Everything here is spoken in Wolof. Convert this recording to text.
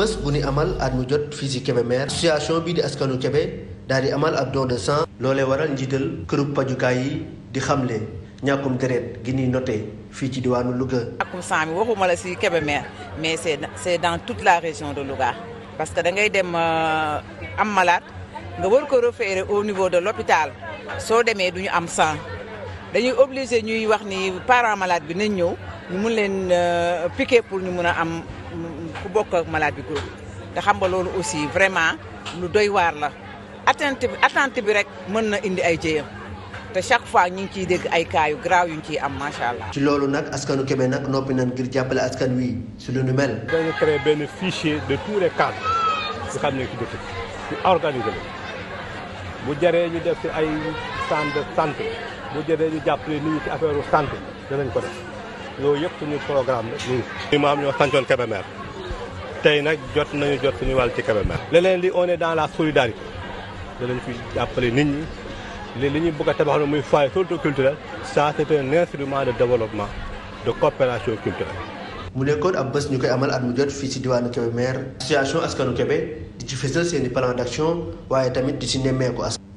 bés bu ni amal at mu jot fii si Kébémer association bi di askanu Kébé daal di amal ab don de sang loolee waral njiital kërub pajukaay yi di xamle ñàkkum deret gi ñuy noté fii ci diwaanu Louga. ñàkkum sang mi waxuma la si Kébémer mais c'est c'est dans toute la région de Louga parce que dangay ngay dem euh, am malade nga war ko référer au niveau de l'hôpital soo demee duñu am sang dañuy obligé ñuy wax ni parent malade bi nañ ñëw ñu mun leen euh, piquer pour ñu mun ku bokk ak malade bi groupe te xam nga loolu aussi vraiment nu doy waar la attente bi attente bi rek mën na indi ay jéyam te chaque fois ñu ngi ciy dégg ay cas yu graaw yu ñu ciy am macha allah. ci loolu nag askanu Kébé nag noppi nañ ngir jàppale askan wi su lu nu mel. dañu créé benn fichier de tous les cadres yu xam ne ci dëkk bi ñu organisé bu jëree ñu def si ay centre de santé bu jëree ñu jàppale nit ñi ci affaire santé danañ ko def. yooyu yëpp suñu programme la ñu maam ñoo sancoon Kébémer tey nag jot nañu jot suñu wàll ci Kébémer leneen li on est dans la solidarité danañ fi jàppale nit ñi li li ñu bëgg a tabax na muy foyer socioculturel ça c'est un instrument de développement de coopération culturelle mu nekkoon ab bés ñu koy amal at mu jot fii ci diwaanu Kébémer association askanu Kébé di ci fësal seen i plan d'action waaye tamit di ci nemmeeku as